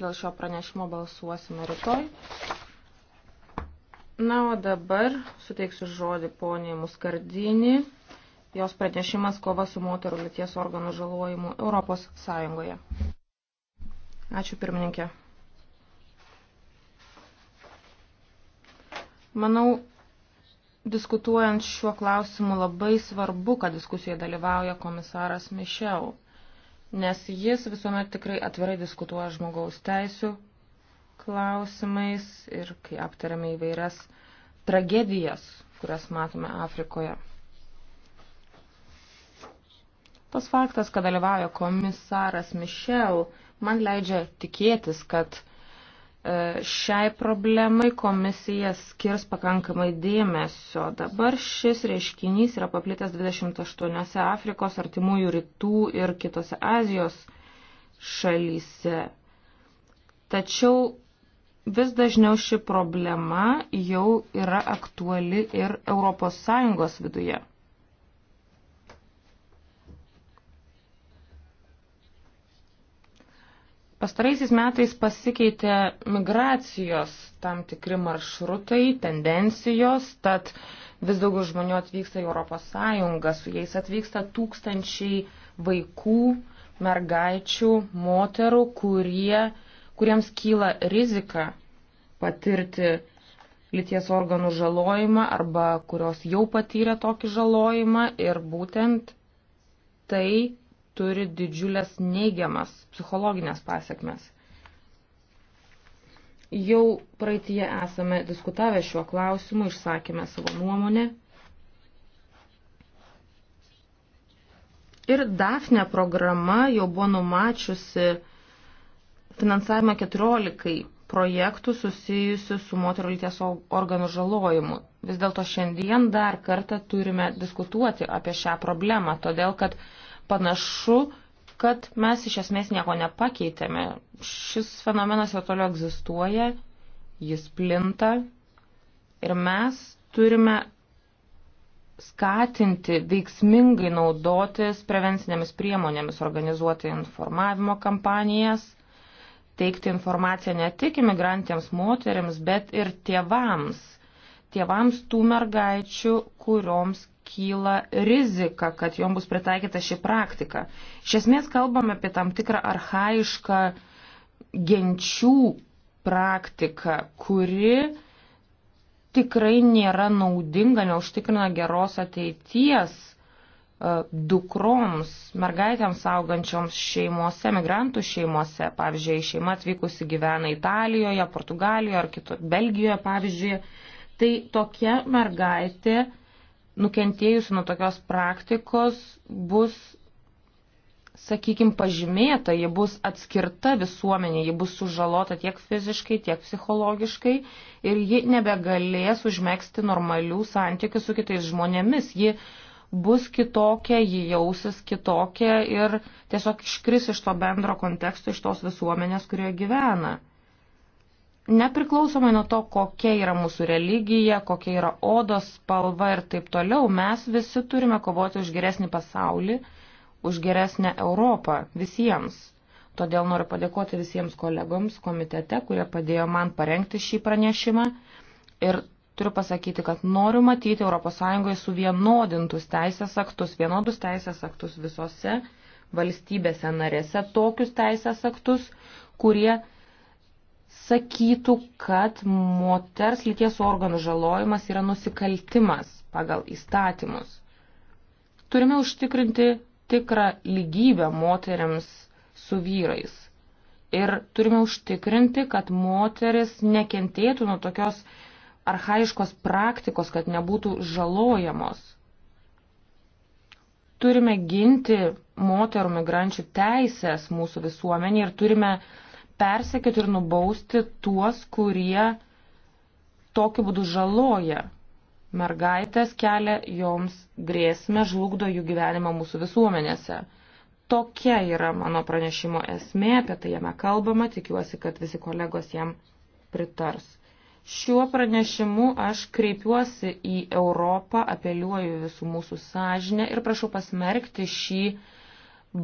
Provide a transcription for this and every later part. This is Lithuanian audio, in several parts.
Dėl šio pranešimo balsuosime rytoj. Na, o dabar suteiksiu žodį poniai Muskardinį. Jos pranešimas kova su moterų lyties organų žalojimu Europos Sąjungoje. Ačiū pirmininkė. Manau, diskutuojant šiuo klausimu labai svarbu, kad diskusijoje dalyvauja komisaras Mišel nes jis visuomet tikrai atvirai diskutuoja žmogaus teisų klausimais ir kai aptariame įvairias tragedijas, kurias matome Afrikoje. Tas faktas, kad dalyvauja komisaras Mišel, man leidžia tikėtis, kad E, šiai problemai komisija skirs pakankamai dėmesio. Dabar šis reiškinys yra paplitęs 28 Afrikos, artimųjų rytų ir kitose Azijos šalyse. Tačiau vis dažniau ši problema jau yra aktuali ir ES viduje. Pastaraisiais metais pasikeitė migracijos tam tikri maršrutai, tendencijos, tad vis daugiau žmonių atvyksta į Europos Sąjungą, su jais atvyksta tūkstančiai vaikų, mergaičių, moterų, kurie, kuriems kyla rizika patirti lyties organų žalojimą arba kurios jau patyrė tokį žalojimą ir būtent tai turi didžiulės neigiamas psichologinės pasiekmes. Jau praeitie esame diskutavę šiuo klausimu, išsakėme savo nuomonę. Ir DAFNE programa jau buvo numačiusi finansavimą 14 projektų susijusių su moterų lyties organų žalojimu. Vis dėlto šiandien dar kartą turime diskutuoti apie šią problemą, todėl kad panašu, kad mes iš esmės nieko nepakeitėme. Šis fenomenas jau toliau egzistuoja, jis plinta ir mes turime skatinti veiksmingai naudotis prevencinėmis priemonėmis, organizuoti informavimo kampanijas, teikti informaciją ne tik imigrantėms moteriams, bet ir tėvams. Tėvams tų mergaičių, kurioms kyla rizika, kad jom bus pritaikyta ši praktika. Iš esmės kalbame apie tam tikrą arhaišką genčių praktiką, kuri tikrai nėra naudinga, neužtikrina geros ateities e, dukroms, mergaitėms augančioms šeimose, migrantų šeimose. Pavyzdžiui, šeima atvykusi gyvena Italijoje, Portugalijoje ar kito, Belgijoje, pavyzdžiui. Tai tokia mergaitė uh, nukentėjusių nuo tokios praktikos bus, sakykime, pažymėta, ji bus atskirta visuomenė, ji bus sužalota tiek fiziškai, tiek psichologiškai ir ji nebegalės užmėgsti normalių santykių su kitais žmonėmis. Ji bus kitokia, ji jausis kitokia ir tiesiog iškris iš to bendro konteksto, iš tos visuomenės, kurioje gyvena nepriklausomai nuo to, kokia yra mūsų religija, kokia yra odos spalva ir taip toliau, mes visi turime kovoti už geresnį pasaulį, už geresnę Europą visiems. Todėl noriu padėkoti visiems kolegoms komitete, kurie padėjo man parengti šį pranešimą. Ir turiu pasakyti, kad noriu matyti ES suvienodintus teisės aktus, vienodus teisės aktus visose valstybėse narėse, tokius teisės aktus, kurie sakytų, kad moters lyties organų žalojimas yra nusikaltimas pagal įstatymus. Turime užtikrinti tikrą lygybę moteriams su vyrais. Ir turime užtikrinti, kad moteris nekentėtų nuo tokios arhaiškos praktikos, kad nebūtų žalojamos. Turime ginti moterų migrančių teisės mūsų visuomenį ir turime uh, persekėti ir nubausti tuos, kurie tokiu būdu žaloja mergaitės, kelia joms grėsmę, žlugdo jų gyvenimą mūsų visuomenėse. Tokia yra mano pranešimo esmė, apie tai jame kalbama, tikiuosi, kad visi kolegos jam pritars. Šiuo pranešimu aš kreipiuosi į Europą, apeliuoju visų mūsų sąžinę ir prašau pasmerkti šį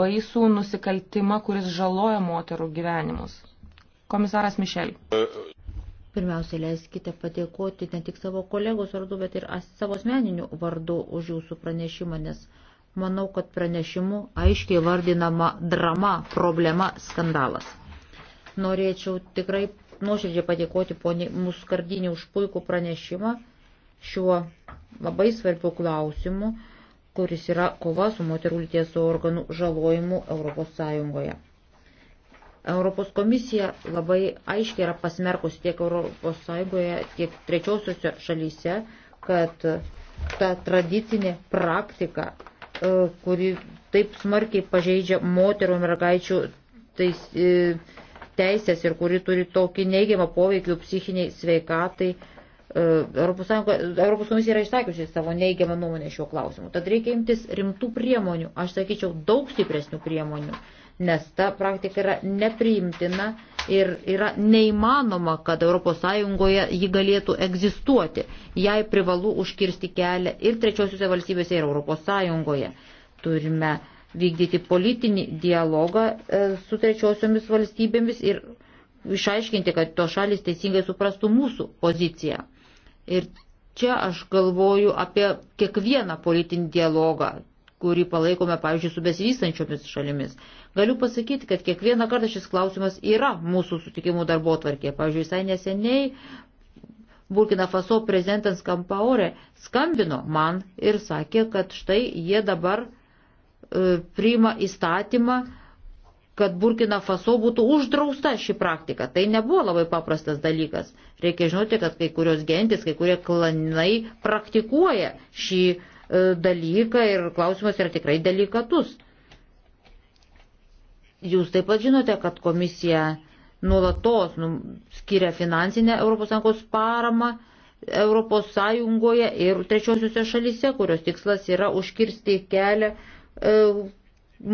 baisų nusikaltimą, kuris žaloja moterų gyvenimus. Komisaras Mišel. Pirmiausia, leiskite padėkoti ne tik savo kolegos vardu, bet ir savo asmeniniu vardu už jūsų pranešimą, nes manau, kad pranešimu aiškiai vardinama drama, problema, skandalas. Norėčiau tikrai nuoširdžiai padėkoti poniai Muskardinį už puikų pranešimą šiuo labai svarbiu klausimu kuris yra kova su moterų lyties organų žalojimu Europos Sąjungoje. Europos komisija labai aiškiai yra pasmerkusi tiek Europos Sąjungoje, tiek trečiosiuose šalyse, kad ta tradicinė praktika, e, kuri taip smarkiai pažeidžia moterų mergaičių tais, e, teisės ir kuri turi tokį neigiamą poveikį psichiniai sveikatai, Europos, Europos komisija yra išsakiusi savo neigiamą nuomonę šiuo klausimu. Tad reikia imtis rimtų priemonių, aš sakyčiau, daug stipresnių priemonių, nes ta praktika yra nepriimtina ir yra neįmanoma, kad ES ji galėtų egzistuoti. Jai privalu užkirsti kelią ir trečiosiuose valstybėse, ir ES. Turime vykdyti politinį dialogą e, su trečiosiomis valstybėmis ir išaiškinti, kad to šalis teisingai suprastų mūsų poziciją. Ir čia aš galvoju apie kiekvieną politinį dialogą, kurį palaikome, pavyzdžiui, su besivystančiomis šalimis. Galiu pasakyti, kad kiekvieną kartą šis klausimas yra mūsų sutikimų darbo tvarkė. Pavyzdžiui, visai neseniai Burkina Faso prezidentas Kampaore skambino man ir sakė, kad štai jie dabar e, priima įstatymą, kad Burkina Faso būtų uždrausta ši praktika. Tai nebuvo labai paprastas dalykas. Reikia žinoti, kad kai kurios gentis, kai kurie klanai praktikuoja šį e, dalyką ir klausimas yra tikrai delikatus. Jūs taip pat žinote, kad komisija nuolatos nu, skiria finansinę ES paramą ES ir trečiosiuose šalyse, kurios tikslas yra užkirsti kelią e,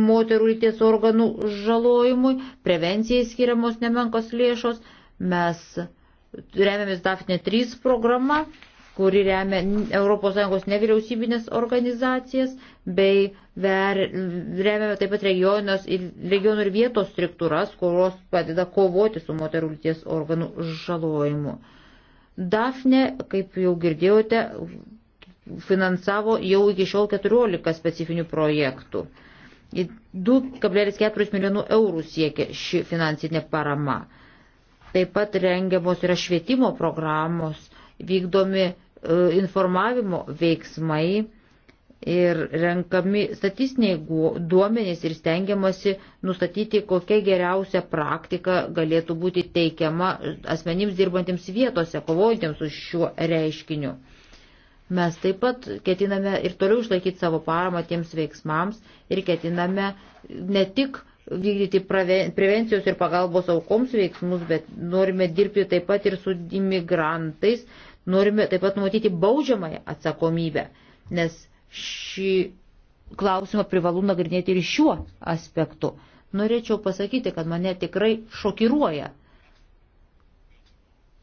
moterų lyties organų žalojimui, prevencijai skiriamos nemenkos lėšos. Mes remiamės DAFNE 3 programą, kuri remia ES nevyriausybinės organizacijas, bei ver, remiame taip pat regionos, regionų ir vietos struktūras, kurios padeda kovoti su moterų lyties organų žalojimu. DAFNE, kaip jau girdėjote, finansavo jau iki šiol 14 specifinių projektų. 2,4 milijonų eurų siekia ši finansinė parama. Taip pat rengiamos yra švietimo programos, vykdomi e, informavimo veiksmai ir renkami statistiniai duomenys ir stengiamasi nustatyti, kokia geriausia praktika galėtų būti teikiama asmenims dirbantiems vietose, kovojantiems už šiuo reiškiniu. Mes taip pat ketiname ir toliau išlaikyti savo paramą tiems veiksmams ir ketiname ne tik vykdyti prevencijos ir pagalbos aukoms veiksmus, bet norime dirbti taip pat ir su imigrantais, norime taip pat numatyti baudžiamąją atsakomybę, nes šį klausimą privalu nagrinėti ir šiuo aspektu. Norėčiau pasakyti, kad mane tikrai šokiruoja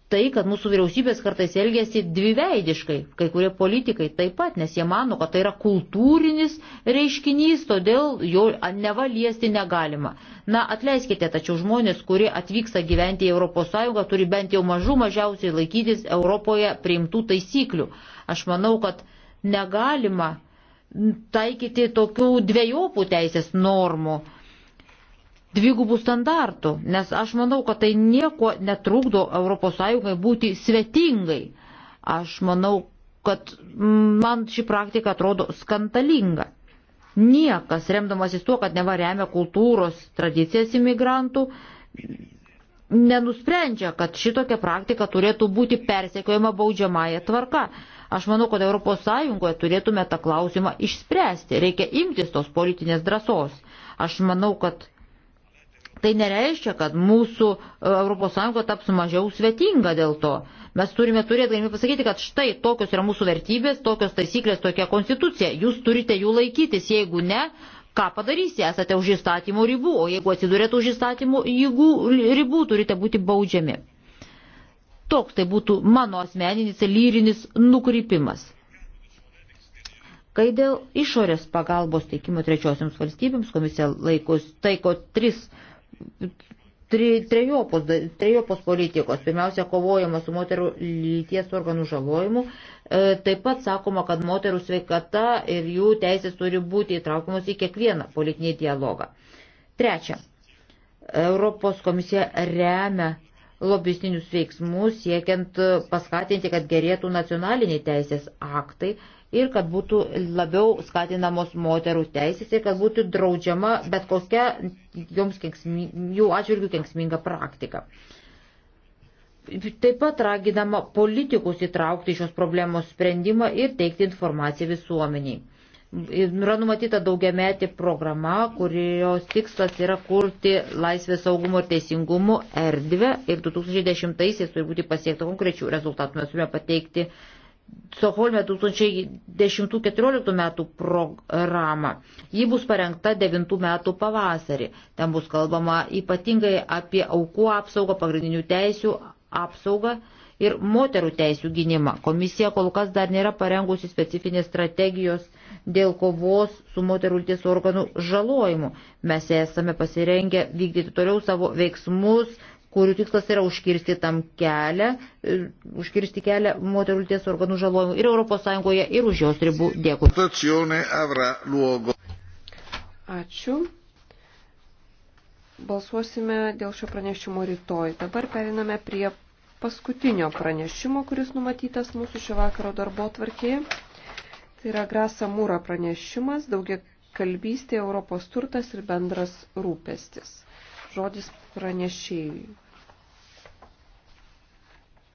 tai, kad mūsų vyriausybės kartais elgesi dviveidiškai, kai kurie politikai taip pat, nes jie mano, kad tai yra kultūrinis reiškinys, todėl jo nevaliesti negalima. Na, atleiskite, tačiau žmonės, kurie atvyksta gyventi į ES, turi bent jau mažų mažiausiai laikytis Europoje priimtų taisyklių. Aš manau, kad negalima taikyti tokių dviejopų teisės normų dvigubų standartų, nes aš manau, kad tai nieko netrukdo ES būti svetingai. Aš manau, kad man ši praktika atrodo skandalinga. Niekas, remdamasis tuo, kad nevarėmė kultūros tradicijas imigrantų, nenusprendžia, kad šitokia praktika turėtų būti persekiojama baudžiamąją tvarką. Aš manau, kad ES turėtume tą klausimą išspręsti. Reikia imtis tos politinės drąsos. Aš manau, kad Tai nereiškia, kad mūsų ES taps mažiau svetinga dėl to. Mes turime turėti galimybę pasakyti, kad štai tokios yra mūsų vertybės, tokios taisyklės, tokia konstitucija. Jūs turite jų laikytis, jeigu ne, ką padarysi, esate už įstatymų ribų, o jeigu atsidurėte už įstatymų ribų, turite būti baudžiami. Toks tai būtų mano asmeninis lyrinis nukrypimas. Kai dėl išorės pagalbos teikimo trečiosiams valstybėms komisija laikus taiko tris trejopos, trejopos politikos. Pirmiausia, kovojama su moterų lyties organų žalojimu. E, taip pat sakoma, kad moterų sveikata ir jų teisės turi būti įtraukiamos į kiekvieną politinį dialogą. Trečia, Europos komisija remia lobistinius veiksmus, siekiant e, paskatinti, kad gerėtų nacionaliniai teisės aktai ir kad būtų labiau skatinamos moterų teisės ir kad būtų draudžiama bet kokia joms kenksmi, jų atžvilgių kenksminga praktika. Taip pat raginama politikus įtraukti šios problemos sprendimą ir teikti informaciją visuomeniai. Yra numatyta daugiametė programa, kurios tikslas yra kurti laisvės saugumo ir teisingumo erdvę ir 2010-aisiais turi būti pasiekta konkrečių rezultatų. Mes turime pateikti Soholme 2010-2014 metų programą. Ji bus parengta 9 metų pavasarį. Ten bus kalbama ypatingai apie aukų apsaugą, pagrindinių teisių apsaugą. apsaugą ir moterų teisų gynimą. Komisija kol kas dar nėra parengusi specifinės strategijos dėl kovos su moterų lyties organų žalojimu. Mes esame pasirengę vykdyti toliau savo veiksmus, kurių tikslas yra užkirsti tam kelią, e, užkirsti kelią moterų lyties organų žalojimų ir ES, ir už jos ribų. Dėkui. Ačiū. Balsuosime dėl šio pranešimo rytoj. Dabar periname prie paskutinio pranešimo, kuris numatytas mūsų šio vakaro darbo tvarkėje. Tai yra Grasa Mūra pranešimas, daugia kalbystė Europos turtas ir bendras rūpestis. Žodis pranešėjui.